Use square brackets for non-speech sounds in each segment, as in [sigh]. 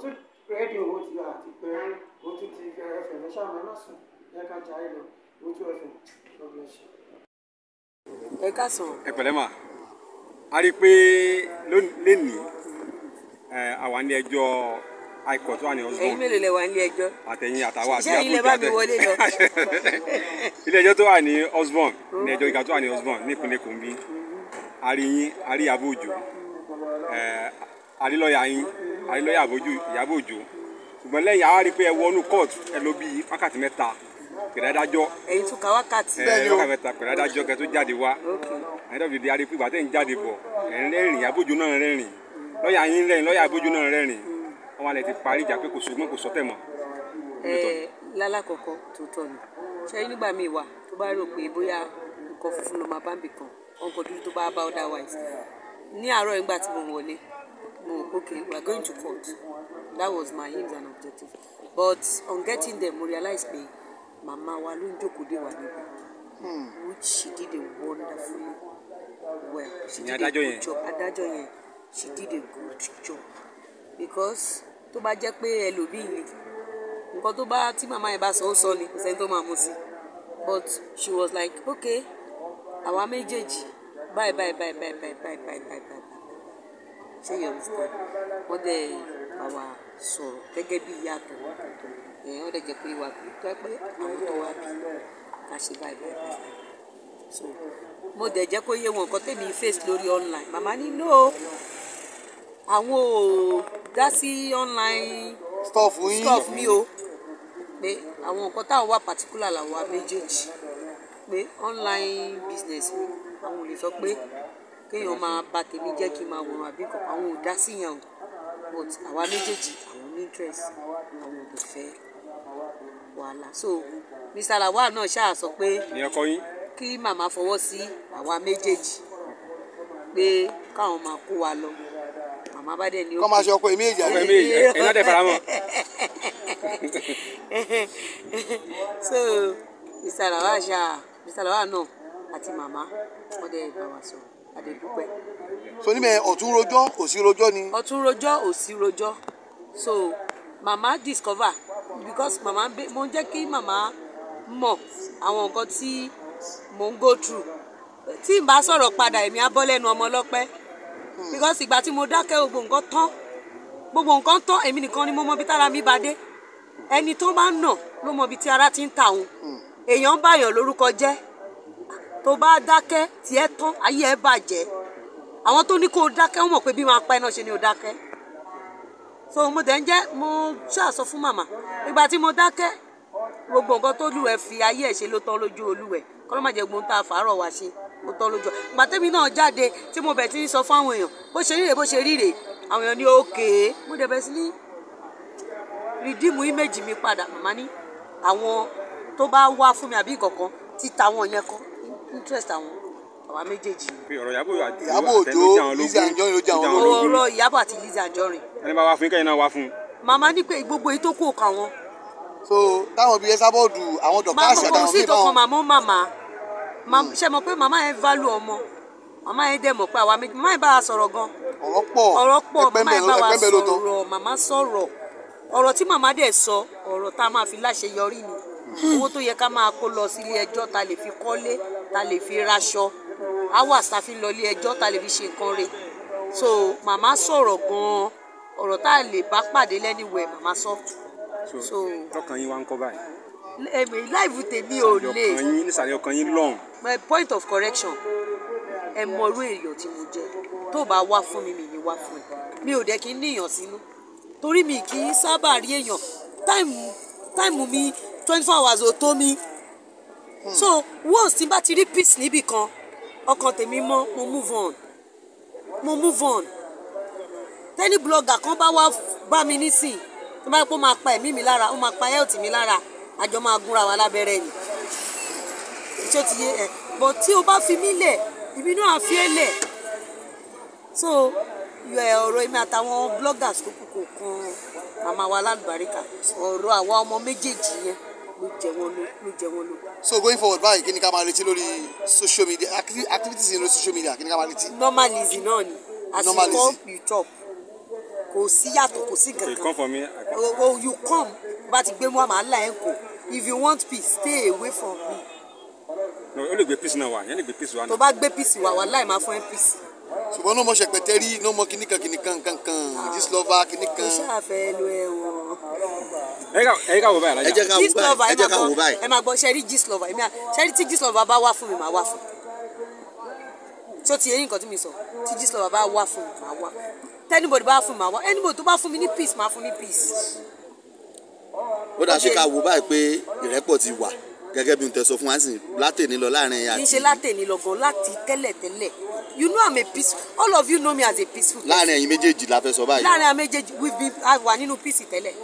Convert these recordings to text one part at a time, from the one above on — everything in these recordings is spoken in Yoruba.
tún rédíò owó ti àti pé o tún ti ẹfẹ lọ́sà mẹ́rin sùn lẹ́ka jàre lọ o tún ẹfẹ lọ́gbọ̀n ṣe. ẹ káàsán. ẹ pẹ̀lẹ́ mà a rí i pé lénìí àwa ní ẹjọ́ high court wà ẹ̀yin mélòó lẹ wà ní ẹjọ́. àtẹ̀yìn àtàwọn àti àbúrò àtẹ. ṣé ilé bá mi wọlé lọ. [laughs] ilé ẹjọ́ tó wà ní Osborn ní ẹjọ́ gíga tó wà ní Osborn ní ìpínlẹ̀ Kogi a rí yín a rí Ìyábọ̀ Òjó a rí lọ́ọ̀yà yín àrílọ́yà Ìyábọ̀ Òjó ṣùgbọ́n lẹ́yìn àwa rí i pé ẹ wọnú court ẹ lọ bíi wákàtí mẹ́ta pẹ̀lú adájọ́ ẹ̀yin tún ka wákàtí bẹ́ẹ̀ wákàtí mẹ́ta pẹ̀lú adájọ́ kẹ́ tó jáde wá ẹ̀yin dọ̀bì di arípé ìgbà tẹ̀ ń jáde bọ̀ ẹ̀yin rẹ́rìn Ìyábọ̀ Òjó náà rẹ́rìn lọ́ọ̀yà yín rẹ́rìn lọ́ọ̀yà Ìyábọ̀ Òjó náà rẹ́rìn ọmọ alẹ́ ti parí ìjà pé kò ṣùgbọ́n kò sọ́tẹ̀ mọ́. ẹ lálàkọ̀kọ́ tó tọ̀ nù ṣe nígbà míì wà tó bá rò pé bóyá nǹkan funfun ló máa bá ń bì kan ọkọ̀ dúdú tó bá bá otherwise ní àárọ̀ ìgbà tí mo wọlé oh, okay, we are going to court. That was my aims and objective. But on getting there, we realized pé Mama wa ló ń jókòó hmm. Which she did a wonderful well. She did a good job. Adájọ́ yẹn, she did a good job. Because to bá jẹ́ pé ẹlòmíì ni nǹkan to bá tí Mama yẹn bá sọ ó sọ ni kò sẹ́ni tó máa but she was like okay àwa Bye, bye bye bye bye bye bye bye bye ṣé yẹn understand wọ́n dẹ̀ àwa sọ̀rọ̀ gẹ́gẹ́ bí ìyá àtọ̀wọ́ ẹ̀yìn wọ́n dẹ̀ jẹ́ pé ìwà bí tó pé àwọn tó wá bí ká ṣe báyìí báyìí báyìí so mo dẹ̀ jẹ́ kó yé wọn nǹkan tèmi face lórí online màmá ní no àwọn ò dá sí online stuff Stuff mi o pé àwọn nǹkan táwọn wà particular làwọn méjèèjì pé online business mi àwọn ò lè sọ pé kéèyàn máa bà tèmi jẹ́ kí n máa wòran àbí nǹkan àwọn ò dá sí yẹn o but àwa méjèèjì àwọn ní interest àwọn ò fẹ́ wàhálà so Mr. Lawal náà ṣáà sọ pé kí màmá fọwọ́ sí àwa méjèèjì pé káwọn máa kó wa lọ màmá bá dẹ̀ ní ó. kọ́ máa ṣe ọkọ èmi èjì àgbẹ̀ méjì ẹ̀ náà dẹ̀ fara mọ́. [laughs] so Mr. Lawal ṣáà Mr. Lawal náà àti màmá wọ́n dẹ̀ bá wa sọ̀rọ̀ àdẹ̀dúpẹ́. so níbẹ̀ ọ̀tún rojọ́ òsì rojọ́ ni. ọ̀tún rojọ́ òsì rojọ́ so màmá discover because màmá mo jẹ́ kí màmá mọ̀ àwọn nǹkan tí mò ń go through tí n bá sọ̀rọ̀ padà èmi á bọ́ lẹ́nu ọmọ ọlọ́pẹ́ because ìgbà tí mo dákẹ́ gbogbo nǹkan tán gbogbo nǹkan tán èmi nìkan ni mo mọ ibi tára mi bá dé ẹni tó bá ń nà ló mọ ibi tí ara ti ń ta òun hmm. èèyàn báyàn lórúkọ jẹ́ tó bá dákẹ́ tiẹ̀ tán ayé ẹ bàjẹ́ àwọn tó ní kó o dákẹ́ wọ́n mọ̀ pé bí máa pa iná ṣe ni o dákẹ́ so mo dẹ̀ ń jẹ́ mo ṣàṣọ fún màmá ìgbà tí mo dákẹ́ gbogbo nǹkan tó lù ẹ fi ayé ẹ ṣe ló tán lójú olúwẹ kọ́lọ́ má jẹ́ gbóhùn tá a fàárọ̀ wá ṣe ó tán lójú ìgbà tẹ́mi náà jáde tí mo bẹ̀ ti ń sọ fún àwọn èèyàn bó ṣe ríre bó ṣe ríre àwọn èèyàn ní òkè mo dẹ̀ bẹ̀ sí ní rìdíìmù íméjì mi padà màmá ní àwọn tó bá wá fún mi àbí ìkọ̀kan ti ta àwọn yẹn kan interest àwọn àwa méjèèjì. Ìyábọ̀ Òjó Lizzy Anjorin ló jẹ́ ológun. ọ̀rọ̀ Ìyábọ̀ àti Lizzy Anjorin. ẹni bá wá fún kẹ́yìn náà wá fún. màmá ní pé gbogbo èyí tó kù ọkàn wọn. so táwọn bíi ẹsábọ́ọ̀dù àwọn dọ̀ká àṣà táwọn bíi báwọn. màmá mọ̀ màmá ṣe mọ̀ pé màmá yẹn value ọmọ màmá yẹn dẹ̀ mọ̀ pé àwa méjì màmá yẹn bá wa sọ̀rọ̀ gan. ọ̀rọ̀ pọ̀ ọ̀rọ̀ pọ̀ màmá yẹn bá wa sọ̀rọ̀ màmá sọ̀rọ̀ ọ̀rọ̀ ta lè fi raṣọ hours ta fi lọ ilé ẹjọ́ ta lè fi ṣe nǹkan rẹ̀ so màmá sọ̀rọ̀ gan-an ọ̀rọ̀ tá a lè bá pàdé lẹ́niwẹ̀ màmá sọ. so tọkàn yín wá ń kọ́ báyìí. èmi láìvù tèmi ò lè. ọkàn yín nísàlẹ̀ ọkàn yín lọ́hùn. my point of correction ẹ mọrú èèyàn tí mo jẹ tó bá wá fún mi mi ní wá fún ẹ mi ò dẹ̀ kí n níyàn sínú torí mi kì í sábà rí èèyàn táìmù mi twenty four hours ò tó mi so once tí n bá ti rí peace níbì kan ọkàn tèmi mọ́ mo move on mo move on tẹ́ni blogger kan bá wá bá mi nísìn tó bá yẹ kó máa pa ẹ̀mí mi lára ó máa pa health mi lára àjọ máa gúnra wa lábẹ́rẹ́ ni ṣé o ti yé ẹ but tí o bá fi mí lẹ̀ ibi náà fi é lẹ̀ so ọ̀rọ̀ èmi àtàwọn bloggers tó kù kò kan màmá wa lálùbáríkà ọ̀rọ̀ àwa ọmọ méjèèjì yẹn so going forward báyìí kí ni ká máa retí lórí social media activities in social media kí ni ká máa retí. normalism náà ni as you come you chop kò sí yàtọ̀ kò sí kankan. come for me. o oh, oh, you come bá ti gbé mu àmà ẹ̀ kò if you want peace stay away from me. no o lè gbé peace náà wá yẹn lè gbé peace wá náà. tó bá gbé peace wá wàhálà ẹ̀ máa fún ẹ peace ṣùgbọ́n n'o mọ sẹpẹtẹri n'o mọ kinikan kinikan kankan dislova kinikan. iṣẹ́ àfẹ́ ló ẹ wọ ẹ ká wò báyìí alájà gist lover ẹ máa gbọ́ ẹ máa gbọ́ ṣẹ́rí gist lover èmi à ṣẹ́rí tí gist lover bá wá fún mi màá wá fún tó ti eyín nǹkan tí mi sọ tí gist lover bá wá fún mi màá wá tẹ́nibọ̀dì bá fún mi màá wá anybody tó bá fún mi ní peace màá fún ní peace. ó dá ṣe ká wò báyìí pé ìrẹ́pọ̀ ti wà gẹ́gẹ́ bí n tẹ sọ fún wa sí látẹ̀ni lọ láàrin àti. kì í ṣe látẹ̀ni lọ gan láti tẹ́lẹ̀ tẹ́lẹ̀ you know i'm a peaceful all of you know me as a peaceful person. láàrin ẹ̀yin méjèèjì la fẹ́ sọ báyìí. láàrin ẹ̀yin méjèèjì we been wà nínú peace tẹ́lẹ̀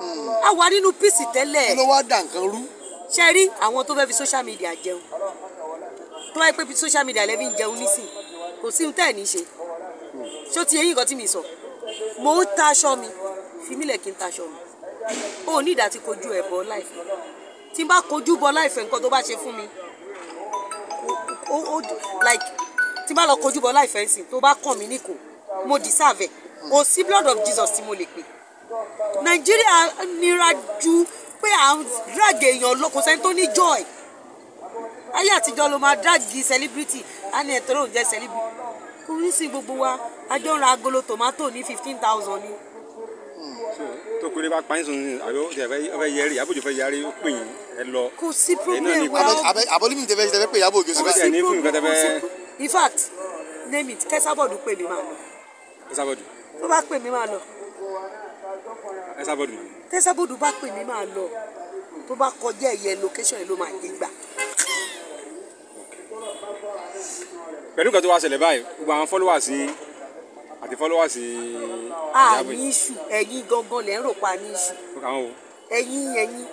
a wà nínú píìsì tẹ́lẹ̀. kí ló wá dà nǹkan rú. ṣe rí àwọn tó fẹ́ fi social media jẹun tó wáyé pé social media lẹ́bí ń jẹun nísìn kò sí ohun tẹ́ ẹ̀ ní ṣe ṣó ti eyín nǹkan tí mi sọ mo ń ta aṣọ mi fi mílẹ̀ kí n ta aṣọ mi ó ní ìdá tí kojú ẹ̀ bọ́ láìfẹ́ tí n bá kojú bọ́ láìfẹ́ nǹkan tó bá ṣe fún mi ó ó like tí n bá lọ kojú bọ́ láìfẹ́ nsìn tó bá kàn mí níkò mo deserve ẹ̀ kò sí blood of Jesus tí mo lè pè nàìjíríà nira ju pé à ń drag èèyàn lọ kò sẹ́ni tó ní joy ayé àtijọ́ ló máa drag celebrity á ní ẹ̀tọ́ ló ń jẹ́ celebrity kò ní sí gbogbo wa àjọ ń ra agolo tomato ní fifteen thousand ni. tó kúrẹ́ bá pa yín sùn àbí ọ̀fẹ́ yẹrí àbójú fẹ́ yẹrí ó pè yín ẹ lọ. kò sí problem wa o àbọ̀límì tẹ́fẹ́ tẹ́fẹ́ pè yàbọ̀ ògè sọ́kà. kò sí in fact name it kẹ́sàbọ̀dù pè mí máa lọ. kẹ́sàbọ̀dù. tó bá pè mí máa lọ. Ẹsábọ̀dù mà. Tẹ́sábọ̀dù bá pè mí máa lọ tó bá kọjá ẹ̀yẹ location yìí ló máa gbé gbà. Pẹ̀lú nǹkan tó wá ṣẹlẹ̀ báyìí gbogbo àwọn followers yín àti followers ìyàwó yìí. Àní iṣu ẹ̀yin gangan lẹ́ ń rò pa ní iṣu. Ẹ̀yin ẹ̀yin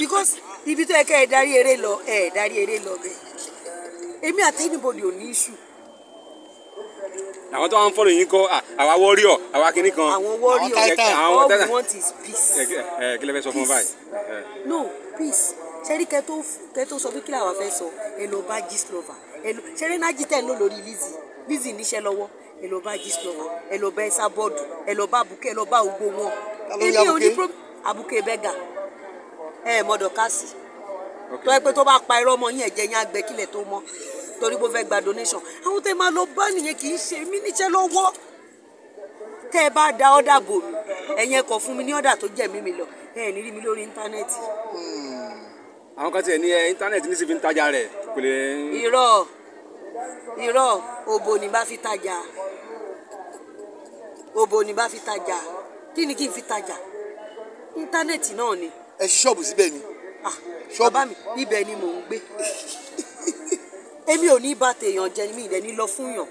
because ibi tó yẹ kẹ́ ẹ darí eré lọ ẹ darí eré lọ bẹ́ẹ̀. Èmi àti anybody ò ní iṣu àwọn tó wà ń fọlọ yín kọ àwa wọríọ àwa kìíní kan àwọn wọríọ àwọn tata all we want is peace. ẹ kí lè fẹ́ sọ fún báyìí. no peace ṣẹ́rí kẹ́tó kẹ́tó sọ pé kí làwọn fẹ́ sọ ẹ lọ bá gist lover ẹ lọ ṣẹ́rí nájí tẹ̀ ń lò lórí Lizzy Lizzy níṣẹ́ lọ́wọ́ ẹ lọ bá gist lover ẹ lọ bá ẹsà bọ́ọ̀dù ẹ lọ bá àbùkẹ́ ẹ lọ bá ògbó wọn èmi ò ní àbùkẹ́ bẹ́gà ẹ mọ̀dọ̀ káàsì tó ẹ pé tó bá pa irọ́ mọ́ yín ẹ̀jẹ̀ yín àgbẹ̀ kílẹ̀ tó mọ́ torí pé ó fẹ́ gba donation àwọn tẹ́ máa lọ bá nìyẹn kì í ṣe mí níṣẹ́ lọ́wọ́ tẹ́ ẹ bá da ọ́dà bò mí ẹ̀yin ẹ̀kọ́ fún mi ní ọ̀dà tó jẹ̀ mí lọ ẹ̀ ní rí mi lórí íńtánẹ́ẹ̀tì. Hmm. àwọn kan tiẹ̀ ní íńtánẹ́ẹ̀tì ní sì ń tajà rẹ̀ kò lè. irọ́ irọ́ òbò ni bá fi tajà òbò ni bá fi tajà kí ni kí n fi tajà íńtánẹ́ẹ̀tì náà ni. ẹ ṣọ́ọ̀bù síbẹ̀ ni. ah bàbá mi ibẹ̀ ni mò ń gbé [laughs] èmi ò ní bá tèèyàn jẹ mi ìdẹ ní lọ fún yàn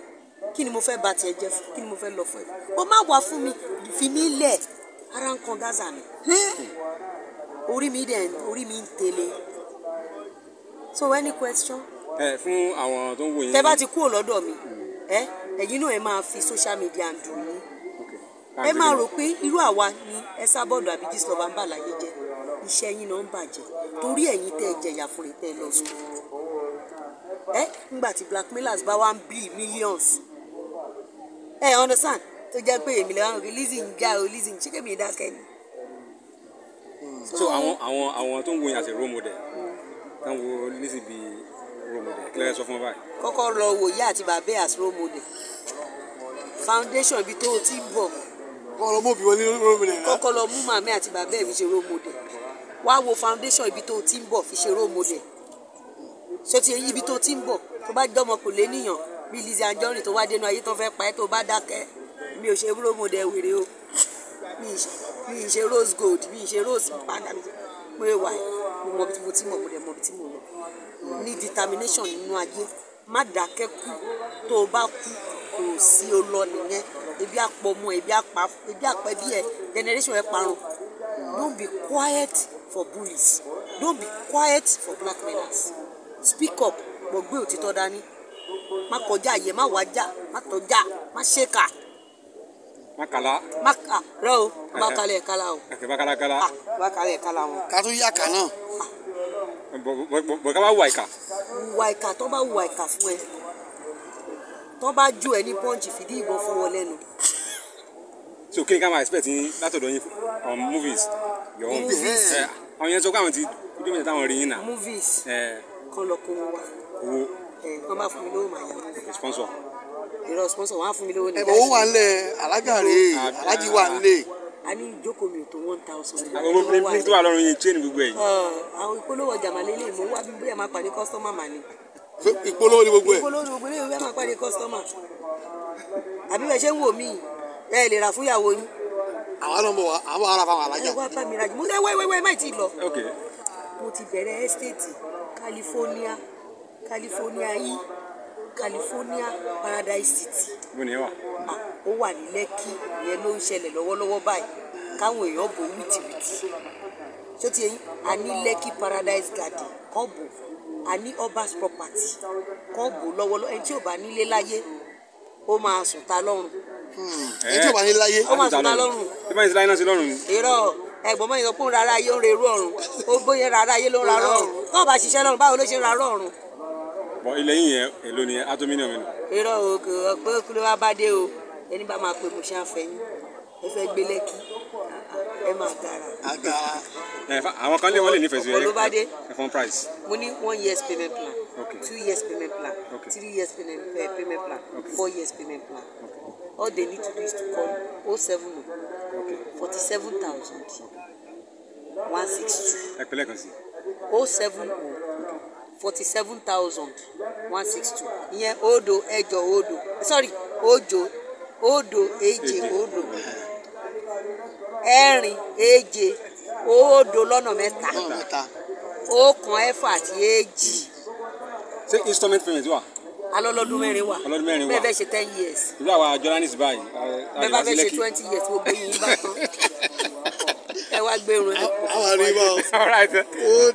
kí ni mo fẹ́ bá tiẹ̀ jẹ kí ni mo fẹ́ lọ fún ẹ o má wá fún mi fi mí lẹ̀ ara ń kan gaza mi orí mi dẹ̀ orí mi ń tẹ̀lé so any question. ẹ fún àwọn tó ń wò yín. tẹ bá ti kúrò lọ́dọ̀ mi ẹ ẹ̀yin náà ẹ máa fi social media dùn mí ẹ máa rò pé irú àwa ni ẹ sábọ̀dọ̀ àbí gíslọ́ba ń bà láyé jẹ́ iṣẹ́ yín náà ń bàjẹ́ torí ẹ̀yin tẹ́ ẹ jẹ̀yà fún rẹ̀ tẹ́ ẹ lọ sùn ẹ eh, nígbà tí blackmailers bá wá ń bill millions ẹ eh, understand tó jẹ́ pé èmi lẹ́wọ̀n releasing guy releasing ṣé kèmí dákẹ́ ni. Hmm. so àwọn àwọn àwọn tó ń wòyàn àti role model táwọn wo Lizzy bíi role model Clear sọ fún wa báyìí. kọ́kọ́ lọ wò ìyá àti bàbá as role model foundation ibi tó o ti ń bọ̀. kọ́kọ́ lọ mú òbí role model. kọ́kọ́ lọ mú màmí àti bàbá mi ṣe role model wá wo foundation ibi tó o ti ń bọ̀ fi ṣe role model sọtí ibi tó ti ń bọ̀ tó bá dọ́mọ kò lé níyàn bí Lizzy Anjorin tó wá dénú ayé tó fẹ́ pa ẹ́ tó bá dákẹ́ mi ò ṣe rómò dẹ wèrè o mi ì ṣe rose gold mi ì ṣe rose padà pé wà mo mọ bí mo ti mọ̀ mo dẹ̀ mọ bí mo lọ ní determination nínú ayé má dákẹ́ kú tó o bá kú kò sí o lọ nìyẹn ebi àpọ̀ ọmọ ebi àpá ebi àpẹ́ bí ẹ generation ẹ parun don't be quiet for bullies don't be quiet for black men speak up bọ̀ gbé òtítọ́ dání má kọjá àyè má wájà má tọjá má ṣèkà. má kàlá. má kà rẹ o má kalẹ̀ kala o. kàkẹ́ má kala kala. má kalẹ̀ kala o. kátó yá kà náà. bọ̀dá bá wà ìkà. wà ìkà tó bá wà ìkà fún ẹ tó bá ju ẹ ní pọ́ǹchì fìdí ìbọn fún wọn lẹ́nu so kí ni ká máa expect yín látọ̀dọ̀ yín on um, movies your own movies eh, àwọn yẹn sọ pé àwọn ti ojú mi ta rí yín náà movies. Eh kọ́ lọ kó owó sponsor. ìrọ̀ sponsor wọn á fún mi lówó nìyá. ẹ bọ̀ owó wa ń lẹ̀ alájà rè é alájì wa ń a ní ìjókòó mi tó one thousand. owó pínpín tó wà lọ́rùn yẹn chain gbogbo ẹ̀. àwọn ìpolówó jàmálẹ̀ lè mú wá bí bóyá máa pàdé kọ́sítọ́mà mà ni. ìpolówó ni gbogbo ẹ̀. ìpolówó ni gbogbo ẹ̀ bóyá máa pàdé kọ́sítọ́mà. àbí bẹ́ẹ̀ ṣe ń wò mí bẹ́ẹ̀ lè ra fúyàwó yín. àwọn ọmọ àwọn ará fáwọn alájà. ẹ wá bá mi rajú mo ní ẹ má ì tí ì lọ mo ti bẹ̀rẹ̀ ẹ́stéètì California California yìí California Paradise City. bó ni ẹ wà. ó wà ní Lẹ́kì yẹn ló ń ṣẹlẹ̀ lọ́wọ́lọ́wọ́ báyìí káwọn èèyàn bò wìtìwìtì tó ti a ní Lẹ́kì Paradise Garden kọ́ a ní Obas property kọ́ bò lọ́wọ́lọ́wọ́ ẹni tí ò bá nílé láyé ó máa sùn ta lọ́rùn. Hmm, ẹni tí ò bá nílé láyé ó máa sùn ta lọ́rùn. ẹ bá láyé náà sí lọ́rùn ni. irọ́ ẹ̀gbọ́n mọ ìsọ pé òun rárá ayé ń rerú ọ̀run ó bóyá rárá ayé ló ń rárá ọ̀run tó o bá ṣiṣẹ́ lọ́run báwo ló ṣe ń rárá ọ̀run. bọ ilẹ̀ yìí yẹn èlò ni atominium ni. irọ́ o kò pé kí ló wá bá dé o ẹni bá máa pè mo ṣe àfẹ́yìn ẹ fẹ́ gbé lẹ́kì ẹ máa gara. agara. àwọn kan lé wọn lè nífẹ̀ẹ́ sí ẹ ẹ fún price. mo ní one years payment plan okay. two years payment plan okay. three years payment eh, plan okay. four years payment plan okay. all they need to do is to call 070 forty seven thousand one six two. o seven o forty seven thousand one six two ìyẹn Odo ẹ̀jọ Odo. sorry Ojo Odo èje Odo. ẹ̀rin èje Odo. lọ́nà mẹ́ta ọ̀kan ẹ̀fà àti èjì. ṣé instrument payment wà alọ́lọ́dún mẹ́rin wa ọlọ́dún mẹ́rin wa bẹ́ẹ̀ ṣe ten years. irú àwa journalist báyìí. bẹ́ẹ̀ bá ṣe twenty years mo gbé yín bá tán [laughs] ẹ wá gbé irun ẹ. àwọn àríwá